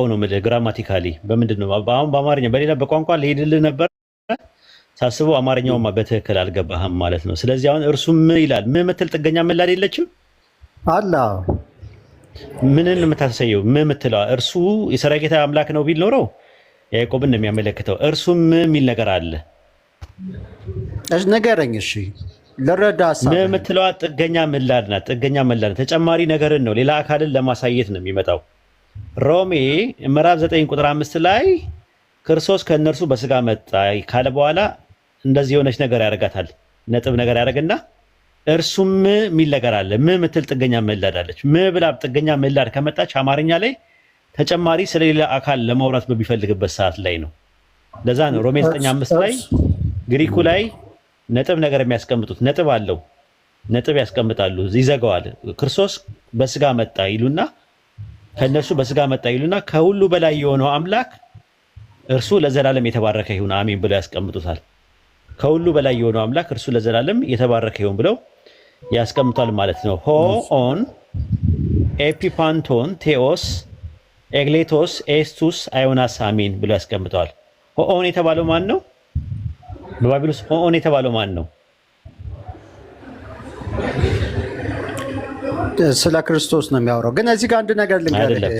አልቻልከው ነው የምልህ። ግራማቲካሊ በምንድን ነው አሁን በአማርኛ በሌላ በቋንቋ ልሄድልህ ነበር ሳስበው አማርኛውማ በትክክል አልገባህም ማለት ነው። ስለዚህ አሁን እርሱ ምን ይላል? ምን ምትል ጥገኛ ምላድ የለችም አላ ምንን የምታሳየው ምን ምትለዋ? እርሱ የሰራዊት ጌታ አምላክ ነው ቢል ኖረው ያዕቆብን የሚያመለክተው። እርሱ ምን የሚል ነገር አለ ነገረኝ እሺ ልረዳ ምን ምትለዋ? ጥገኛ ምላድ ናት። ጥገኛ ምላድ ተጨማሪ ነገርን ነው ሌላ አካልን ለማሳየት ነው የሚመጣው ሮሜ ምዕራፍ 9 ቁጥር 5 ላይ ክርስቶስ ከእነርሱ በስጋ መጣ ካለ በኋላ እንደዚህ የሆነች ነገር ያደርጋታል። ነጥብ ነገር ያደርግና እርሱም የሚል ነገር አለ። ም ምትል ጥገኛ ምላዳለች። ም ብላ ጥገኛ ምላድ ከመጣች አማርኛ ላይ ተጨማሪ ስለሌላ አካል ለማውራት በሚፈልግበት ሰዓት ላይ ነው። ለዛ ነው ሮሜ 9 5 ላይ ግሪኩ ላይ ነጥብ ነገር የሚያስቀምጡት ነጥብ አለው። ነጥብ ያስቀምጣሉ፣ ይዘጋዋል። ክርስቶስ በስጋ መጣ ይሉና ከእነሱ በስጋ መጣ ይሉና ከሁሉ በላይ የሆነው አምላክ እርሱ ለዘላለም የተባረከ ይሁን አሚን ብለው ያስቀምጡታል። ከሁሉ በላይ የሆነው አምላክ እርሱ ለዘላለም የተባረከ ይሁን ብለው ያስቀምጧል ማለት ነው። ሆኦን፣ ኤፒፓንቶን፣ ቴዎስ፣ ኤግሌቶስ፣ ኤስቱስ፣ አዮናስ አሚን ብለው ያስቀምጠዋል። ሆኦን የተባለው ማን ነው? በባቢሎስ ሆኦን የተባለው ማን ነው? ስለ ክርስቶስ ነው የሚያወራው። ግን እዚህ ጋር አንድ ነገር ልንገርህ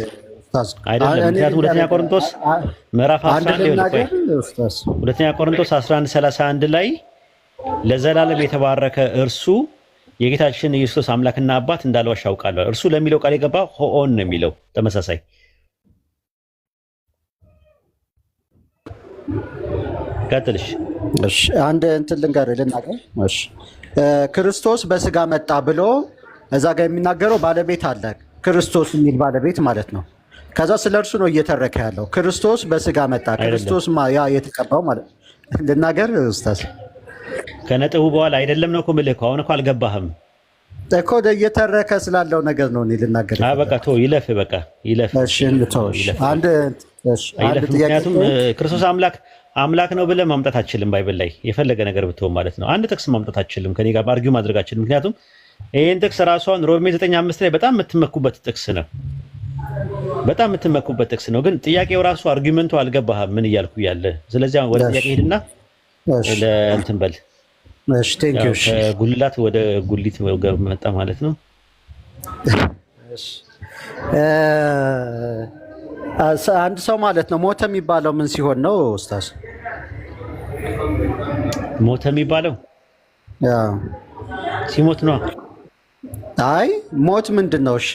ሁለተኛ ቆርንቶስ ምዕራፍ 11 ሁለተኛ ቆርንቶስ 11 ላይ ለዘላለም የተባረከ እርሱ የጌታችን ኢየሱስ አምላክና አባት እንዳልዋሽ አውቃለሁ። እርሱ ለሚለው ቃል የገባ ሆኦን ነው የሚለው ተመሳሳይ ቀጥልሽ። አንድ እንትን ልንገርህ ልናገር። ክርስቶስ በስጋ መጣ ብሎ እዛ ጋር የሚናገረው ባለቤት አለ፣ ክርስቶስ የሚል ባለቤት ማለት ነው። ከዛ ስለ እርሱ ነው እየተረከ ያለው። ክርስቶስ በስጋ መጣ፣ ክርስቶስ ያ የተቀባው ማለት ልናገር ስታስ ከነጥቡ በኋላ አይደለም ነው እኮ የምልህ እኮ አሁን እኮ አልገባህም እኮ እየተረከ ስላለው ነገር ነው እኔ ልናገር። በቃ ተው ይለፍ፣ በቃ ይለፍ። ምክንያቱም ክርስቶስ አምላክ አምላክ ነው ብለህ ማምጣት አችልም። ባይብል ላይ የፈለገ ነገር ብትሆን ማለት ነው። አንድ ጥቅስ ማምጣት አችልም። ከኔ ጋር አርጊው ማድረግ አችልም። ምክንያቱም ይህን ጥቅስ ራሷን ሮሜ 95 ላይ በጣም የምትመኩበት ጥቅስ ነው። በጣም የምትመኩበት ጥቅስ ነው። ግን ጥያቄው ራሱ አርጊመንቱ አልገባህም፣ ምን እያልኩ ያለ። ስለዚህ ወደ ጥያቄ ሄድና ለእንትን በል። ጉልላት ወደ ጉሊት መጣ ማለት ነው። አንድ ሰው ማለት ነው ሞተ የሚባለው ምን ሲሆን ነው ኡስታዝ? ሞተ የሚባለው ሲሞት ነው። አይ ሞት ምንድን ነው? እሺ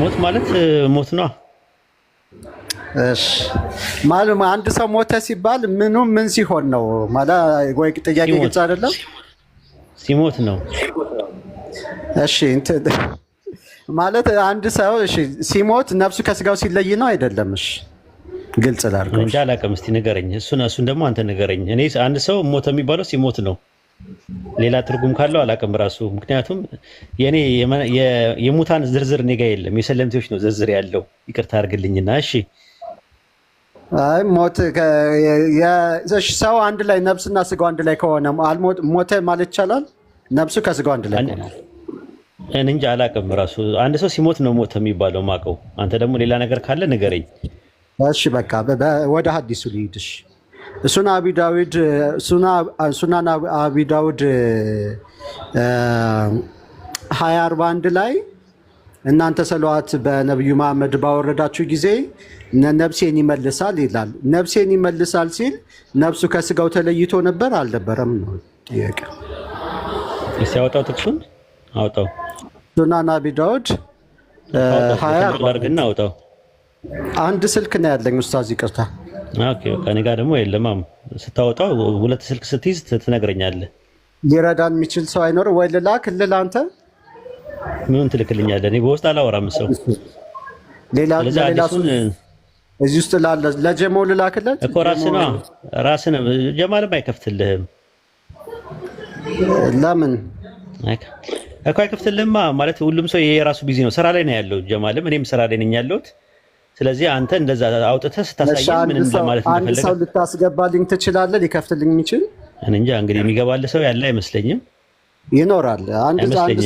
ሞት ማለት ሞት ነው። እሺ ማለት አንድ ሰው ሞተ ሲባል ምኑ ምን ሲሆን ነው ማለት? ወይ ጥያቄ ግልጽ አይደለም። ሲሞት ነው። እሺ እንትን ማለት አንድ ሰው እሺ ሲሞት ነፍሱ ከስጋው ሲለይ ነው አይደለም? እሺ ግልጽ ላድርገው እንጂ አላውቅም። እስኪ ንገረኝ፣ እሱን እሱን ደግሞ አንተ ንገረኝ። እኔ አንድ ሰው ሞተ የሚባለው ሲሞት ነው ሌላ ትርጉም ካለው አላቅም ራሱ። ምክንያቱም የኔ የሙታን ዝርዝር እኔ ጋ የለም፣ የሰለምቴዎች ነው ዝርዝር ያለው። ይቅርታ አድርግልኝና እሺ። አይ ሞት ሰው አንድ ላይ ነብስና ስጋው አንድ ላይ ከሆነ ሞተ ማለት ይቻላል። ነብሱ ከስጋው አንድ ላይ ከሆነ እንጂ አላቅም ራሱ። አንድ ሰው ሲሞት ነው ሞት የሚባለው ማቀው። አንተ ደግሞ ሌላ ነገር ካለ ንገረኝ። እሺ በቃ ወደ ሀዲሱ ልሂድሽ ሱና አቢ ዳዊድ ሱናን አቢ ዳውድ 241 ላይ እናንተ ሰለዋት በነቢዩ መሐመድ ባወረዳችሁ ጊዜ ነብሴን ይመልሳል ይላል። ነብሴን ይመልሳል ሲል ነብሱ ከስጋው ተለይቶ ነበር አልነበረም? ነው ጥያቄ። እስኪ አውጣው፣ ጥቅሱን አውጣው። ሱናን አቢ ዳውድ አንድ ስልክ ነው ያለኝ ኡስታዝ፣ ይቅርታ ኦኬ በቃ እኔ ደግሞ የለም። ስታወጣው ሁለት ስልክ ስትይዝ ትነግረኛለህ። ሊረዳን የሚችል ሰው አይኖርም ወይ ልላክልህ? አንተ ምን ትልክልኛለህ? እኔ በውስጥ አላወራም ሰው ሌላ እዚህ ውስጥ ላለ ለጀሞ ልላክልህ እኮ ራስህ ጀማልም አይከፍትልህም። ለምን እኮ አይከፍትልህማ? ማለት ሁሉም ሰው የራሱ ቢዚ ነው። ስራ ላይ ነው ያለው ጀማልም፣ እኔም ስራ ላይ ነኝ ያለሁት ስለዚህ አንተ እንደዛ አውጥተህ ስታሳየን ምን እንደማለት አንድ ሰው ልታስገባልኝ ትችላለህ? ሊከፍትልኝ የሚችል እንጃ። እንግዲህ የሚገባልህ ሰው ያለ አይመስለኝም። ይኖራል። አንድ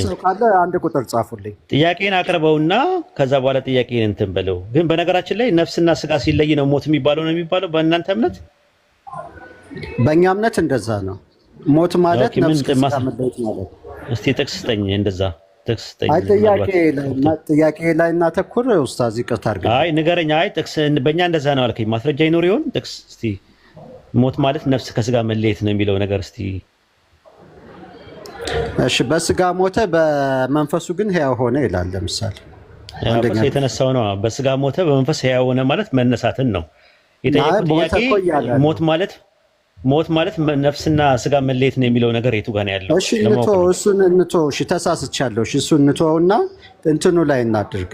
ሰው ካለ አንድ ቁጥር ጻፉልኝ። ጥያቄን አቅርበውና ከዛ በኋላ ጥያቄን እንትን በለው። ግን በነገራችን ላይ ነፍስና ስጋ ሲለይ ነው ሞት የሚባለው ነው የሚባለው በእናንተ እምነት። በእኛ እምነት እንደዛ ነው ሞት ማለት ነፍስ ማለት። እስቲ ጥቅስ ስጠኝ እንደዛ ጥያቄ ላይ እናተኩር። ኡስታዝ ይቅርታ አድርገን። አይ ንገረኝ። አይ ጥቅስ በእኛ እንደዛ ነው አልከኝ። ማስረጃ ይኖር ይሆን? ጥቅስ እስቲ ሞት ማለት ነፍስ ከስጋ መለየት ነው የሚለው ነገር እስቲ። እሺ በስጋ ሞተ፣ በመንፈሱ ግን ሕያው ሆነ ይላል። ለምሳሌ የተነሳው ነው። በስጋ ሞተ፣ በመንፈስ ሆነ ማለት መነሳትን ነው። ሞት ማለት ሞት ማለት ነፍስና ስጋ መለየት ነው የሚለው ነገር የቱ ጋር ያለው? እሺ እሱን እንተወው። እሺ ተሳስቻለሁ። እሺ እሱን እንተወውና እንትኑ ላይ እናድርግ።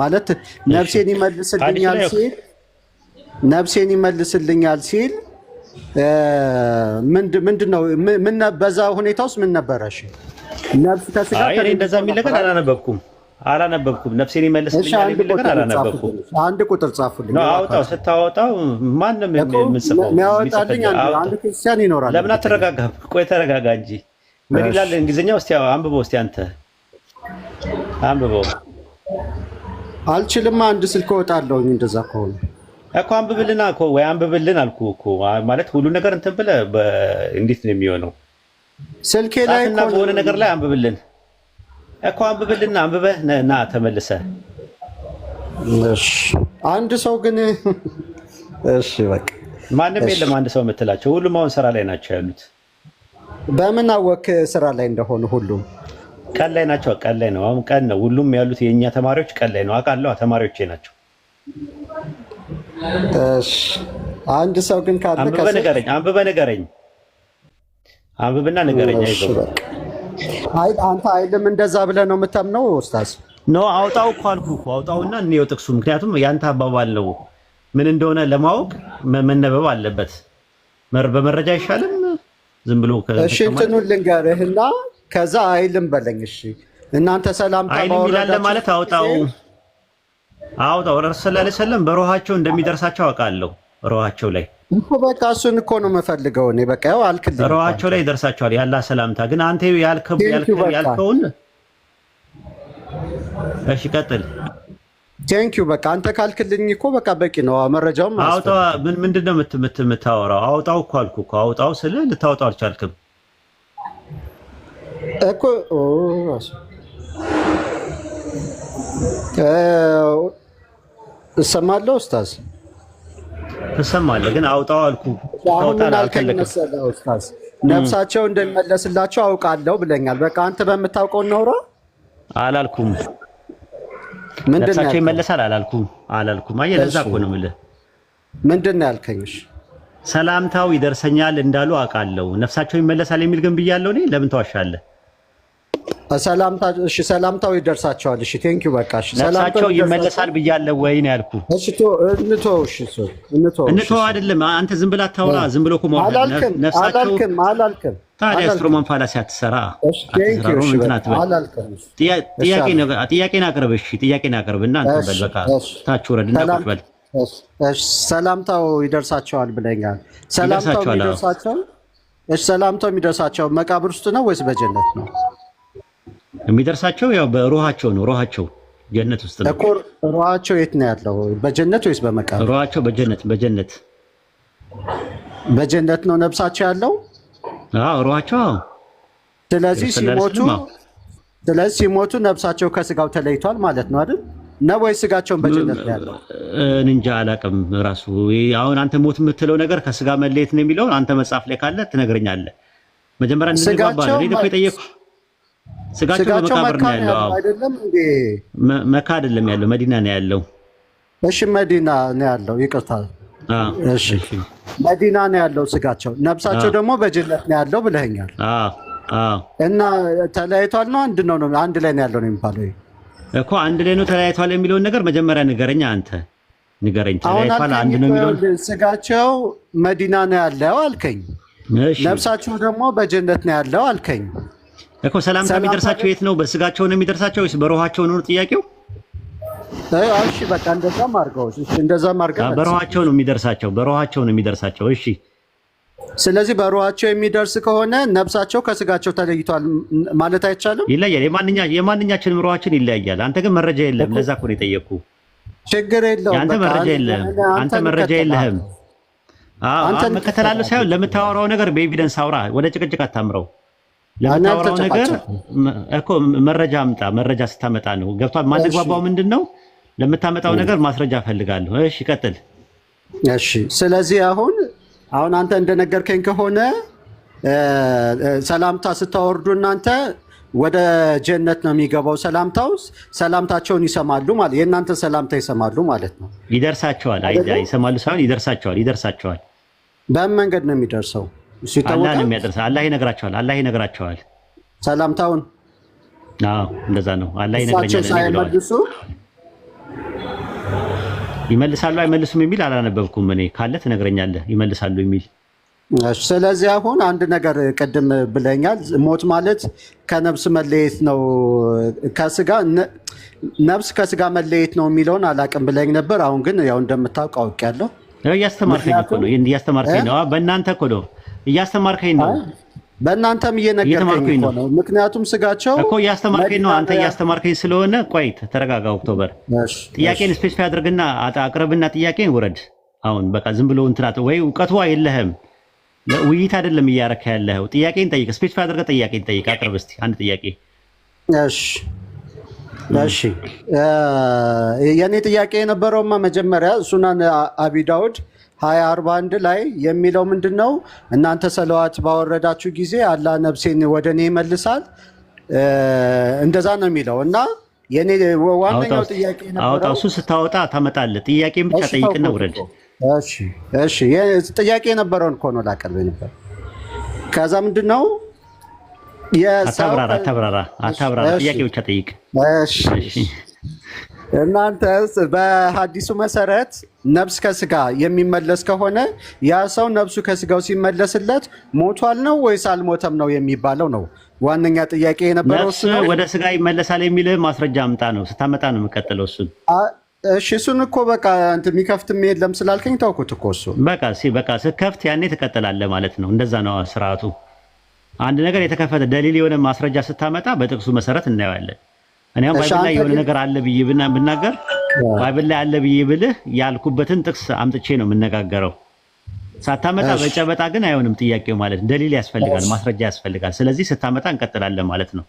ማለት ነፍሴን ይመልስልኛል ሲል ነፍሴን ይመልስልኛል ሲል ምንድን ነው? በዛ ሁኔታ ውስጥ ምን ነበረ? ነፍስ ተስጋ እንደዛ የሚል ነገር አላነበብኩም። አላነበብኩም። ነፍሴን ይመልስልኛል አላነበብኩም። አንድ ቁጥር ጻፉልኝ። አውጣው። ስታወጣው ማንም የሚያወጣልኝ ክርስቲያን ይኖራል። ለምን አትረጋጋም? ቆይ ተረጋጋ እንጂ። ምን ይላል እንግሊዝኛ? እስኪ አንብበው፣ እስኪ አንተ አንብበው። አልችልም። አንድ ስልክ እወጣለሁኝ። እንደዛ ከሆነ እኮ አንብብልን እኮ ወይ አንብብልን አልኩ እኮ። ማለት ሁሉ ነገር እንትን ብለህ እንዴት ነው የሚሆነው? ስልኬ ላይ በሆነ ነገር ላይ አንብብልን እኮ አንብብልና አንብበህ ና ተመልሰህ። አንድ ሰው ግን እሺ፣ በቃ ማንም የለም። አንድ ሰው የምትላቸው ሁሉም አሁን ስራ ላይ ናቸው ያሉት። በምን ስራ ላይ እንደሆኑ? ሁሉም ቀን ላይ ናቸው። ቀን ላይ ነው፣ አሁን ቀን ነው። ሁሉም ያሉት የእኛ ተማሪዎች ቀን ላይ ነው። አውቃለሁ፣ ተማሪዎቼ ናቸው። አንድ ሰው ግን ካለ አንብበህ ንገረኝ፣ አንብበህ ንገረኝ፣ አንብብና ንገረኝ። አይዞህ አይ አንተ አይልም እንደዛ ብለህ ነው የምታምነው ኡስታዝ? ኖ አውጣው እኮ አልኩህ እኮ አውጣውና እንየው ጥቅሱ። ምክንያቱም ያንተ አባባል ነው ምን እንደሆነ ለማወቅ መነበብ አለበት። በመረጃ አይሻልም? ዝም ብሎ እሺ እንትኑን እና ከዛ አይልም በለኝ። እሺ እናንተ ሰላም አይልም ይላል ማለት አውጣው አውጣው። ረሱል ሰለላሁ ዐለይሂ ወሰለም በሮሃቸው እንደሚደርሳቸው አውቃለሁ ሮሃቸው ላይ እኮ በቃ እሱን እኮ ነው የምፈልገው እኔ በቃ ያው አልክልኝ። ሮዋቸው ላይ ይደርሳቸዋል ያላ ሰላምታ። ግን አንተ ያልከውን እሺ ቀጥል። ቴንኪው በቃ አንተ ካልክልኝ እኮ በቃ በቂ ነው። መረጃውም አውጣው። ምን ምንድን ነው የምታወራው? አውጣው እኮ አልኩህ እኮ አውጣው ስልህ ልታወጣው አልቻልክም እኮ እሰማለሁ ኡስታዝ ትሰማለህ። ግን አውጣው አልኩ ነፍሳቸው እንደሚመለስላቸው አውቃለሁ ብለኛል። በቃ አንተ በምታውቀው ኖሮ አላልኩም። ነፍሳቸው ይመለሳል አላልኩም አላልኩም። አየህ፣ ለዛ እኮ ነው የምልህ። ምንድን ነው ያልከኝ? ሰላምታው ይደርሰኛል እንዳሉ አውቃለሁ። ነፍሳቸው ይመለሳል የሚል ግን ብያለሁ እኔ። ለምን ተዋሻለህ? ሰላምታው ይደርሳቸዋል። እሺ ቴንኪው በቃ እሺ፣ ሰላምታው ይመለሳል ብያለሁ ወይ ነው ያልኩህ። እሺ ቶ እንቶ እሺ ሶ እንቶ እንቶ አይደለም አንተ ዝም ብላ ታውራ ዝም ብሎ ኮማ ማለት አላልክም፣ አላልክም፣ አላልክም። ታዲያ ስትሮማን ፋላሲ አትሰራ። እሺ ቴንኪው እሺ በቃ አላልክም። ጥያቄ ነው ጥያቄን አቅርብ። እሺ ጥያቄ ነው አቅርብ እና አንተ በል በቃ ታች ወረድ እና ቁጭ በል። ሰላምታው ይደርሳቸዋል ብለኛል። ሰላምታው ይደርሳቸዋል። እሺ ሰላምታው የሚደርሳቸው መቃብር ውስጥ ነው ወይስ በጀነት ነው? የሚደርሳቸው ያው በሩሃቸው ነው። ሩሃቸው ጀነት ውስጥ ነው እኮ። ሩሃቸው የት ነው ያለው? በጀነት ወይስ በመቃብር? ሩሃቸው በጀነት በጀነት በጀነት ነው ነብሳቸው ያለው። አዎ ሩሃቸው። ስለዚህ ሲሞቱ ስለዚህ ሲሞቱ ነብሳቸው ከስጋው ተለይቷል ማለት ነው አይደል? ነው ወይ ስጋቸውን በጀነት ነው ያለው? እንጃ አላውቅም። ራሱ አሁን አንተ ሞት የምትለው ነገር ከስጋ መለየት ነው የሚለውን አንተ መጽሐፍ ላይ ካለ ትነግረኛለህ። መጀመሪያ እንደዚህ ባባ ነው እኮ የጠየኩህ ስጋቸው በመቃብር ነው ያለው አይደለም እንዴ? መካ አይደለም ያለው መዲና ነው ያለው። እሺ መዲና ነው ያለው። ይቅርታ እሺ መዲና ነው ያለው ስጋቸው። ነብሳቸው ደግሞ በጅለት ነው ያለው ብለኸኛል። እና ተለያይቷል ነው አንድ ነው አንድ ላይ ነው ያለው ነው የሚባለው እኮ አንድ ላይ ነው ተለያይቷል የሚለውን ነገር መጀመሪያ ንገረኝ አንተ ንገረኝ። ተለያይቷል አንድ ነው የሚለውን ስጋቸው መዲና ነው ያለው አልከኝ። ነብሳቸው ደግሞ በጀነት ነው ያለው አልከኝ። እኮ ሰላምታ የሚደርሳቸው የት ነው? በስጋቸው ነው የሚደርሳቸው ወይስ በሮሃቸው ነው? ጥያቄው እሺ፣ በቃ እንደዛም አድርገው፣ እሺ፣ እንደዛም አድርገው በሮሃቸው ነው የሚደርሳቸው፣ በሮሃቸው ነው የሚደርሳቸው። እሺ፣ ስለዚህ በሮሃቸው የሚደርስ ከሆነ ነብሳቸው ከስጋቸው ተለይቷል ማለት አይቻልም። ይለያል፣ የማንኛ የማንኛችንም ሮሃችን ይለያያል። አንተ ግን መረጃ የለም። ለዛ እኮ ነው የጠየቅኩህ። ችግር የለውም። አንተ መረጃ የለህም። አንተ መረጃ የለህም። አዎ፣ መከተላለሁ ሳይሆን ለምታወራው ነገር በኤቪደንስ አውራ። ወደ ጭቅጭቅ አታምረው። ለምታወራው ነገር እኮ መረጃ አምጣ። መረጃ ስታመጣ ነው ገብቷል። ማንግባባው ምንድን ነው? ለምታመጣው ነገር ማስረጃ ፈልጋለሁ። እሺ ይቀጥል። እሺ ስለዚህ አሁን አሁን አንተ እንደነገርከኝ ከሆነ ሰላምታ ስታወርዱ እናንተ ወደ ጀነት ነው የሚገባው ሰላምታው። ሰላምታቸውን ይሰማሉ ማለት የእናንተ ሰላምታ ይሰማሉ ማለት ነው። ይደርሳቸዋል። ይሰማሉ ሳይሆን ይደርሳቸዋል። ይደርሳቸዋል። በምን መንገድ ነው የሚደርሰው? እሱ ይታወቃል። አላህ ይነግራቸዋል። አላህ ይነግራቸዋል ሰላምታውን። አዎ እንደዛ ነው። አላህ ይመልሳሉ አይመልሱም የሚል አላነበብኩም እኔ። ካለ ትነግረኛለህ። ይመልሳሉ የሚል ስለዚህ አሁን አንድ ነገር ቅድም ብለኛል። ሞት ማለት ከነብስ መለየት ነው፣ ከስጋ ነብስ ከስጋ መለየት ነው የሚለውን አላቅም ብለኝ ነበር። አሁን ግን ያው እንደምታውቅ አውቄያለሁ። እያስተማርከኝ ነው፣ እያስተማርከኝ ነው። በእናንተ እኮ ነው እያስተማርከኝ ነው። በእናንተም እየነገርከኝ ነው። ምክንያቱም ስጋቸው እኮ እያስተማርከኝ ነው። አንተ እያስተማርከኝ ስለሆነ ቆይት፣ ተረጋጋ። ኦክቶበር ጥያቄን ስፔሲፋይ አድርግና አቅርብና ጥያቄን ውረድ። አሁን በቃ ዝም ብሎ እንትናት ወይ እውቀቱ የለህም። ውይይት አይደለም እያረካ ያለው። ጥያቄን ጠይቅ፣ ስፔሲፋይ አድርገ ጥያቄን ጠይቅ። አቅርብ እስኪ አንድ ጥያቄ። እሺ እሺ የእኔ ጥያቄ የነበረውማ መጀመሪያ እሱናን አቢዳውድ ሀያ አርባ አንድ ላይ የሚለው ምንድን ነው? እናንተ ሰለዋት ባወረዳችሁ ጊዜ አላህ ነብሴን ወደ እኔ ይመልሳል። እንደዛ ነው የሚለው እና የኔ ዋነኛው ጥያቄ ነበረ። እሱ ስታወጣ ታመጣለህ። ጥያቄ ብቻ ጠይቅና ውረድ። ጥያቄ የነበረውን እኮ ነው ላቀርብ ነበር። ከዛ ምንድን ነው አታብራራ፣ አታብራራ፣ አታብራራ። ጥያቄ ብቻ ጠይቅ። እናንተ በሀዲሱ መሰረት ነብስ ከስጋ የሚመለስ ከሆነ ያ ሰው ነብሱ ከስጋው ሲመለስለት ሞቷል ነው ወይስ አልሞተም ነው የሚባለው? ነው ዋነኛ ጥያቄ የነበረው። ወደ ስጋ ይመለሳል የሚል ማስረጃ አምጣ ነው ስታመጣ ነው የምቀጥለው። እሱን እሺ፣ እሱን እኮ በቃ የሚከፍትም የለም ስላልከኝ ተውኩት እኮ እሱ። በቃ በቃ ስከፍት ያኔ ትቀጥላለህ ማለት ነው። እንደዛ ነው ስርዓቱ። አንድ ነገር የተከፈተ ደሊል የሆነ ማስረጃ ስታመጣ በጥቅሱ መሰረት እናየዋለን። እኔም ባይብል ላይ የሆነ ነገር አለ ብዬ ብናገር ባይብል ላይ አለ ብዬ ብልህ ያልኩበትን ጥቅስ አምጥቼ ነው የምነጋገረው። ሳታመጣ በጨበጣ ግን አይሆንም። ጥያቄው ማለት ደሊል ያስፈልጋል፣ ማስረጃ ያስፈልጋል። ስለዚህ ስታመጣ እንቀጥላለን ማለት ነው።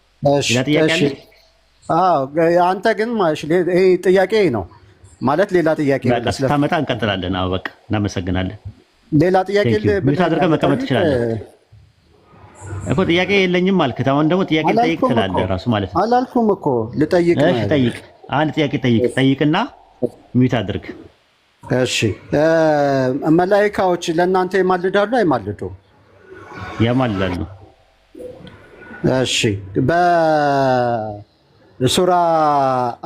አንተ ግን ጥያቄ ነው ማለት ሌላ ጥያቄ ስታመጣ እንቀጥላለን። በቃ እናመሰግናለን። ሌላ ጥያቄ አድርገህ መቀመጥ ትችላለህ። እኮ ጥያቄ የለኝም አልክት። አሁን ደግሞ ጥያቄ ጠይቅ ትላለህ ራሱ ማለት ነው። አላልኩም እኮ ልጠይቅ። ጠይቅ፣ አንድ ጥያቄ ጠይቅ። ጠይቅና ሚዩት አድርግ። እሺ መላኢካዎች ለእናንተ ይማልዳሉ አይማልዱ? ያማልዳሉ። እሺ በሱራ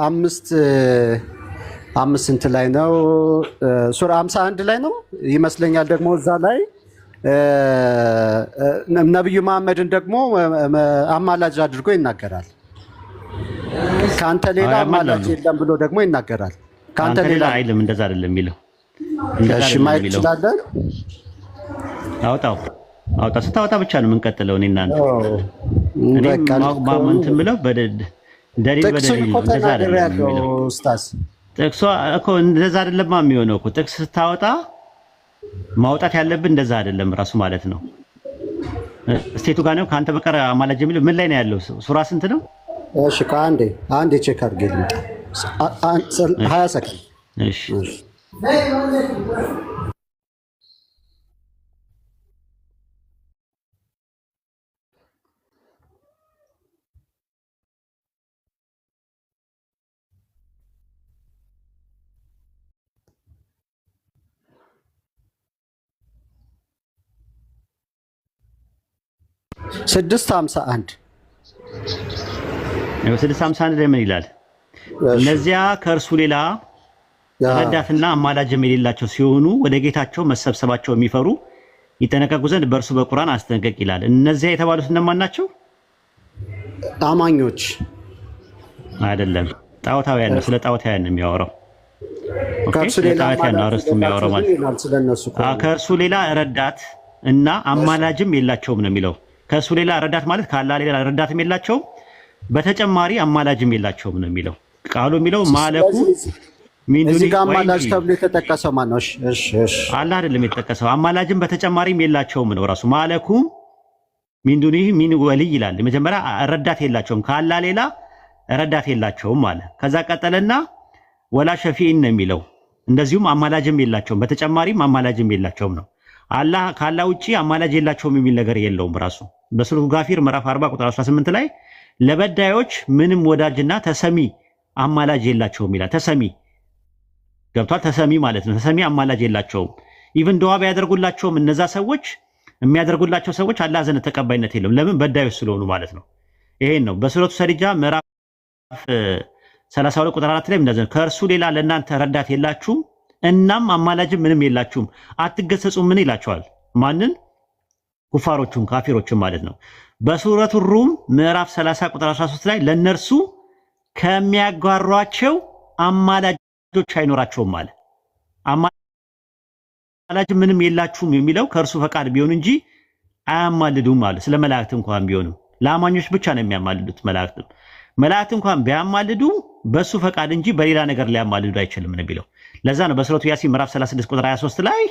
አምስት አምስት ስንት ላይ ነው? ሱራ አምሳ አንድ ላይ ነው ይመስለኛል። ደግሞ እዛ ላይ ነቢዩ መሐመድን ደግሞ አማላጅ አድርጎ ይናገራል። ከአንተ ሌላ አማላጅ የለም ብሎ ደግሞ ይናገራል። ከአንተ ሌላ አይልም። እንደዛ አይደለም የሚለው። እሺ ማየት ይችላለን። አውጣው አውጣ። ስታወጣ ብቻ ነው የምንቀጥለው። እኔ እናንተ እኔም እንትን ብለው በደድ ደሪል በደሪል እንደዛ አይደለም የሚለው። ጥቅሷ እኮ እንደዛ አይደለም የሚሆነው እኮ ጥቅስ ስታወጣ ማውጣት ያለብን እንደዛ አይደለም ራሱ ማለት ነው። ስቴቱ ጋር ነው ከአንተ በቀር አማላጅ የሚለው ምን ላይ ነው ያለው? ሱራ ስንት ነው? እሺ ከአንዴ አንዴ ቼክ አድርጌ ልምጣ ሀያ ሰከንድ እሺ 651 651 ላይ ምን ይላል? እነዚያ ከእርሱ ሌላ ረዳትና አማላጅም የሌላቸው ሲሆኑ ወደ ጌታቸው መሰብሰባቸው የሚፈሩ ይጠነቀቁ ዘንድ በእርሱ በቁርአን አስጠንቀቅ ይላል። እነዚያ የተባሉት እነማን ናቸው? አማኞች አይደለም፣ ጣዖታውያን ነው። ስለ ጣዖታውያን ነው የሚያወራው። ከእርሱ ሌላ ረዳት እና አማላጅም የላቸውም ነው የሚለው ከእሱ ሌላ ረዳት ማለት ከአላህ ሌላ ረዳትም የላቸውም፣ በተጨማሪ አማላጅም የላቸውም ነው የሚለው ቃሉ የሚለው ማለኩ እዚህ ጋር አማላጅ ተብሎ የተጠቀሰው ማነው? አላህ አይደለም የተጠቀሰው። አማላጅም በተጨማሪም የላቸውም ነው ራሱ ማለኩ ሚንዱኒ ሚን ወልይ ይላል። የመጀመሪያ ረዳት የላቸውም ከአላህ ሌላ ረዳት የላቸውም አለ። ከዛ ቀጠለና ወላ ሸፊኢን ነው የሚለው እንደዚሁም አማላጅም የላቸውም በተጨማሪም አማላጅም የላቸውም ነው። አላህ ካላ ውጪ አማላጅ የላቸውም የሚል ነገር የለውም። ራሱ በሱረቱ ጋፊር ምዕራፍ 40 ቁጥር 18 ላይ ለበዳዮች ምንም ወዳጅና ተሰሚ አማላጅ የላቸውም ይላል። ተሰሚ ገብቷል። ተሰሚ ማለት ነው። ተሰሚ አማላጅ የላቸውም። ኢቭን ዱዓ ቢያደርጉላቸውም እነዛ ሰዎች የሚያደርጉላቸው ሰዎች አላህ ዘንድ ተቀባይነት የለውም። ለምን? በዳዮች ስለሆኑ ማለት ነው። ይሄን ነው በሱረቱ ሰሪጃ ምዕራፍ 32 ቁጥር 4 ላይ ከእርሱ ሌላ ለእናንተ ረዳት የላችሁም እናም አማላጅም ምንም የላችሁም አትገሰጹም። ምን ይላቸዋል? ማንን? ኩፋሮቹን ካፊሮቹን ማለት ነው። በሱረቱ ሩም ምዕራፍ 30 ቁጥር 13 ላይ ለእነርሱ ከሚያጓሯቸው አማላጆች አይኖራቸውም አለ። አማላጅ ምንም የላችሁም የሚለው ከእርሱ ፈቃድ ቢሆን እንጂ አያማልዱም አለ። ስለ መላእክት እንኳን ቢሆንም ለአማኞች ብቻ ነው የሚያማልዱት። መላእክትም መላእክት እንኳን ቢያማልዱ በእሱ ፈቃድ እንጂ በሌላ ነገር ሊያማልዱ አይችልም ነው የሚለው ለዛ ነው በሱረቱ ያሲን ምዕራፍ 36 ቁጥር 23 ላይ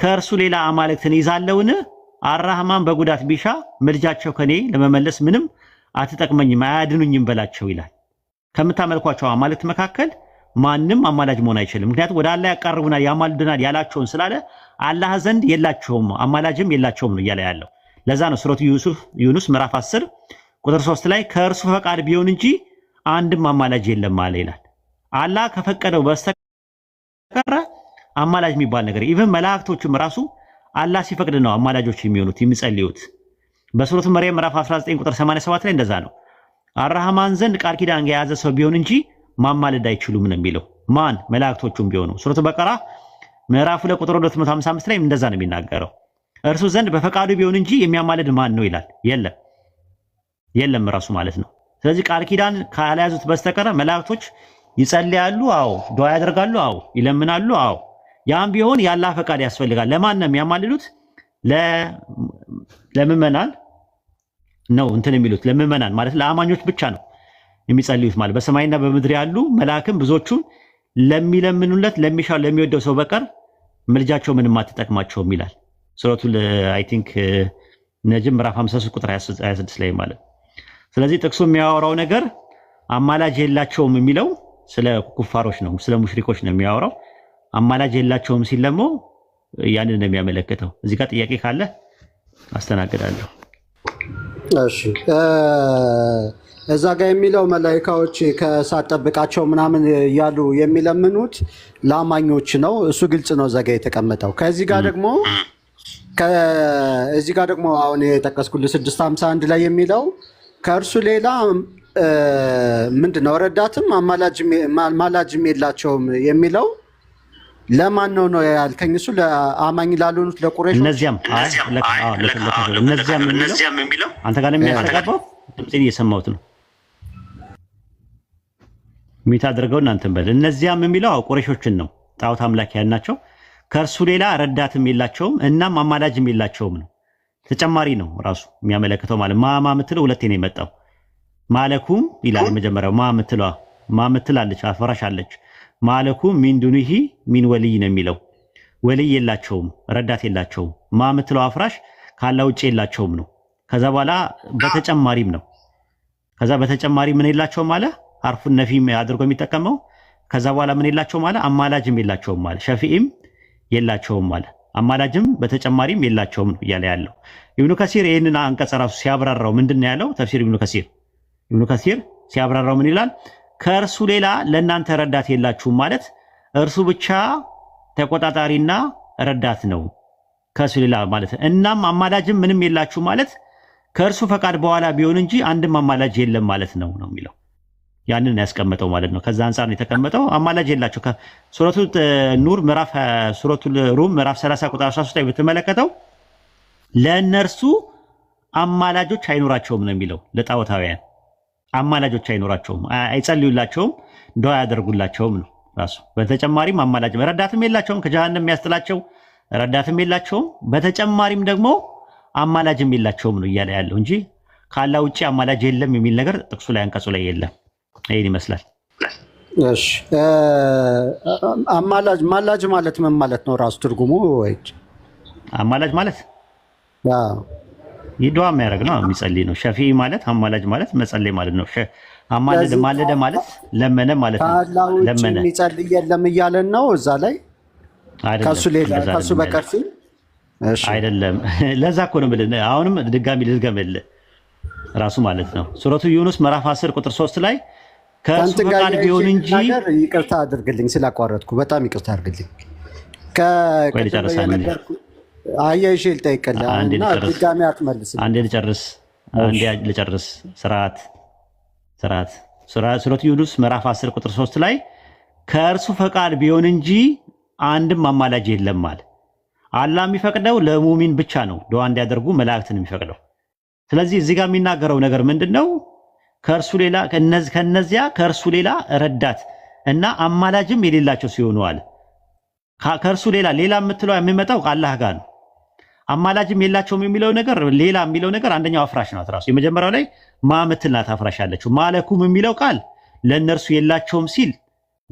ከእርሱ ሌላ አማልክትን ይዛለውን? አራህማን በጉዳት ቢሻ ምልጃቸው ከኔ ለመመለስ ምንም አትጠቅመኝም አያድኑኝም በላቸው ይላል። ከምታመልኳቸው አማልክት መካከል ማንም አማላጅ መሆን አይችልም። ምክንያቱም ወደ አላህ ያቃርቡናል ያማልዱናል ያላቸውን ስላለ አላህ ዘንድ የላቸውም አማላጅም የላቸውም ነው እያለ ያለው። ለዛ ነው ሱረቱ ዩሱፍ ዩኑስ ምዕራፍ 10 ቁጥር 3 ላይ ከእርሱ ፈቃድ ቢሆን እንጂ አንድም አማላጅ የለም አለ ይላል። አላህ ከፈቀደው በስተቀር ቀረ አማላጅ የሚባል ነገር ኢቨን መላእክቶችም ራሱ አላህ ሲፈቅድ ነው አማላጆች የሚሆኑት የሚጸልዩት። በሱረቱ መርየም ምዕራፍ 19 ቁጥር 87 ላይ እንደዛ ነው። አራህማን ዘንድ ቃል ኪዳን የያዘ ሰው ቢሆን እንጂ ማማለድ አይችሉም ነው የሚለው። ማን መላእክቶቹም ቢሆኑ ሱረቱ በቀራ ምዕራፍ 2 ቁጥር 255 ላይ እንደዛ ነው የሚናገረው። እርሱ ዘንድ በፈቃዱ ቢሆን እንጂ የሚያማለድ ማን ነው ይላል? የለም የለም፣ ራሱ ማለት ነው። ስለዚህ ቃል ኪዳን ካልያዙት በስተቀረ መላእክቶች ይጸልያሉ? አዎ። ዱዓ ያደርጋሉ? አዎ። ይለምናሉ? አዎ። ያም ቢሆን የአላህ ፈቃድ ያስፈልጋል። ለማን ነው የሚያማልሉት? ለምዕመናን ነው እንትን የሚሉት ለምዕመናን ማለት ለአማኞች ብቻ ነው የሚጸልዩት ማለት በሰማይና በምድር ያሉ መላእክም ብዙዎቹ ለሚለምኑለት ለሚሻው ለሚወደው ሰው በቀር ምልጃቸው ምንም አትጠቅማቸውም ይላል ሱረቱ አይ ቲንክ ነጅም ምዕራፍ 53 ቁጥር 26 ላይ ማለት ስለዚህ ጥቅሱ የሚያወራው ነገር አማላጅ የላቸውም የሚለው ስለ ኩፋሮች ነው፣ ስለ ሙሽሪኮች ነው የሚያወራው። አማላጅ የላቸውም ሲል ደግሞ ያንን ነው የሚያመለክተው። እዚህ ጋር ጥያቄ ካለ አስተናግዳለሁ። እሺ እዛ ጋር የሚለው መላይካዎች ከእሳት ጠብቃቸው ምናምን እያሉ የሚለምኑት ለአማኞች ነው። እሱ ግልጽ ነው፣ እዛ የተቀመጠው። ከዚህ ጋር ደግሞ እዚህ ጋር ደግሞ አሁን የጠቀስኩልህ 651 አንድ ላይ የሚለው ከእርሱ ሌላ ምንድን ነው ረዳትም ማላጅም የላቸውም የሚለው ለማን ነው ነው ያልከኝ? እሱ ለአማኝ ላልሆኑት ለቁረሽ እነዚያም እነዚያም የሚለው አንተ ጋር የሚያስተጋባው ድምፄን እየሰማሁት ነው። የሚታደርገው አድርገው እናንተን በል። እነዚያም የሚለው ቁረሾችን ነው። ጣዖት አምላክ ያን ከእርሱ ሌላ ረዳትም የላቸውም እናም አማላጅም የላቸውም ነው። ተጨማሪ ነው ራሱ የሚያመለክተው ማለት ማማ ምትለው ሁለቴ ነው የመጣው ማለኩም ይላል መጀመሪያው ማ ምትለዋ ማ ምትላለች አፈራሽ አለች። ማለኩም ሚን ዱኒሂ ሚን ወልይ ነው የሚለው ወልይ የላቸውም ረዳት የላቸውም። ማ ምትለው አፍራሽ ካላ ውጭ የላቸውም ነው። ከዛ በኋላ በተጨማሪም ነው። ከዛ በተጨማሪ ምን የላቸውም ማለ አርፉን ነፊ አድርጎ የሚጠቀመው ከዛ በኋላ ምን የላቸውም ማለ አማላጅም የላቸውም ማለ ሸፊዒም የላቸውም ማለ አማላጅም በተጨማሪም የላቸውም ነው እያለ ያለው ኢብኑ ከሲር። ይህንን አንቀጽ ራሱ ሲያብራራው ምንድን ነው ያለው? ተፍሲር ኢብኑ ከሲር ኢብኑ ከሲር ሲያብራራው ምን ይላል? ከእርሱ ሌላ ለእናንተ ረዳት የላችሁም ማለት እርሱ ብቻ ተቆጣጣሪና ረዳት ነው። ከእርሱ ሌላ ማለት እናም አማላጅም ምንም የላችሁ ማለት ከእርሱ ፈቃድ በኋላ ቢሆን እንጂ አንድም አማላጅ የለም ማለት ነው ነው የሚለው ያንን ያስቀመጠው ማለት ነው። ከዛ አንጻር ነው የተቀመጠው። አማላጅ የላቸው ሱረቱ ኑር ምዕራፍ ሱረቱ ሩም ምዕራፍ 30 ቁጥር 13 ላይ ብትመለከተው ለእነርሱ አማላጆች አይኖራቸውም ነው የሚለው ለጣዖታውያን አማላጆች አይኖራቸውም፣ አይጸልዩላቸውም፣ ዱዓ አያደርጉላቸውም ነው ራሱ። በተጨማሪም አማላጅ ረዳትም የላቸውም፣ ከጀሃነም የሚያስጥላቸው ረዳትም የላቸውም። በተጨማሪም ደግሞ አማላጅም የላቸውም ነው እያለ ያለው እንጂ ካላ ውጭ አማላጅ የለም የሚል ነገር ጥቅሱ ላይ አንቀጹ ላይ የለም። ይህን ይመስላል። አማላጅ ማላጅ ማለት ምን ማለት ነው? ራሱ ትርጉሙ ወይ አማላጅ ማለት ይድዋ የሚያደርግ ነው የሚጸልይ ነው። ሸፊ ማለት አማላጅ ማለት መጸለይ ማለት ነው። አማለደ ማለደ ማለት ለመነ ማለት ነው። ለመነ የሚጸልይ የለም እያለን ነው እዛ ላይ ከሱ ሌላ ከሱ በቀር አይደለም። ለዛ እኮ ነው የምልህ። አሁንም ድጋሚ ልድገምልህ ራሱ ማለት ነው። ሱረቱ ዩኑስ ምዕራፍ 10 ቁጥር 3 ላይ ከእሱ ፈቃድ ቢሆን እንጂ ይቅርታ አድርግልኝ ስላቋረጥኩ፣ በጣም ይቅርታ አድርግልኝ። አያይሽ ልጠይቀልህ አትመልስ። አንዴ ልጨርስ፣ አንዴ ልጨርስ። ስርዓት ስርዓት ሱረት ዩኑስ ምዕራፍ 10 ቁጥር 3 ላይ ከእርሱ ፈቃድ ቢሆን እንጂ አንድም አማላጅ የለም አለ። አላህ የሚፈቅደው ለሙሚን ብቻ ነው ዱዓ እንዲያደርጉ መላእክትን የሚፈቅደው። ስለዚህ እዚህ ጋር የሚናገረው ነገር ምንድን ነው? ከእርሱ ሌላ ከነዚያ ከእርሱ ሌላ ረዳት እና አማላጅም የሌላቸው ሲሆኑ አለ። ከእርሱ ሌላ ሌላ የምትለው የሚመጣው ከአላህ ጋር ነው አማላጅም የላቸውም የሚለው ነገር ሌላ የሚለው ነገር አንደኛው አፍራሽ ናት። ራሱ የመጀመሪያው ላይ ማምትል ናት አፍራሽ ያለችው። ማለኩም የሚለው ቃል ለእነርሱ የላቸውም ሲል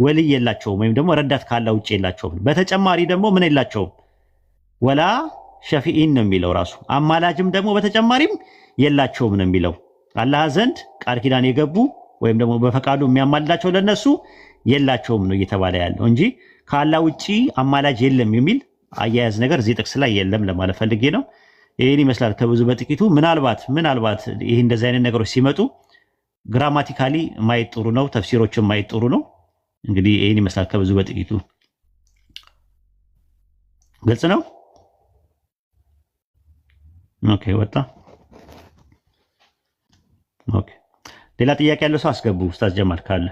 ወልይ የላቸውም ወይም ደግሞ ረዳት ካላ ውጭ የላቸውም። በተጨማሪ ደግሞ ምን የላቸውም ወላ ሸፊኢን ነው የሚለው ራሱ። አማላጅም ደግሞ በተጨማሪም የላቸውም ነው የሚለው አላህ ዘንድ ቃል ኪዳን የገቡ ወይም ደግሞ በፈቃዱ የሚያማልዳቸው ለነሱ የላቸውም ነው እየተባለ ያለው እንጂ ከአላህ ውጭ አማላጅ የለም የሚል አያያዝ ነገር እዚህ ጥቅስ ላይ የለም ለማለት ፈልጌ ነው። ይህን ይመስላል ከብዙ በጥቂቱ። ምናልባት ምናልባት ይህ እንደዚህ አይነት ነገሮች ሲመጡ ግራማቲካሊ ማየት ጥሩ ነው፣ ተፍሲሮችን ማየት ጥሩ ነው። እንግዲህ ይህን ይመስላል ከብዙ በጥቂቱ። ግልጽ ነው። ኦኬ ወጣ። ኦኬ ሌላ ጥያቄ ያለው ሰው አስገቡ። ኡስታዝ ጀማል ካለ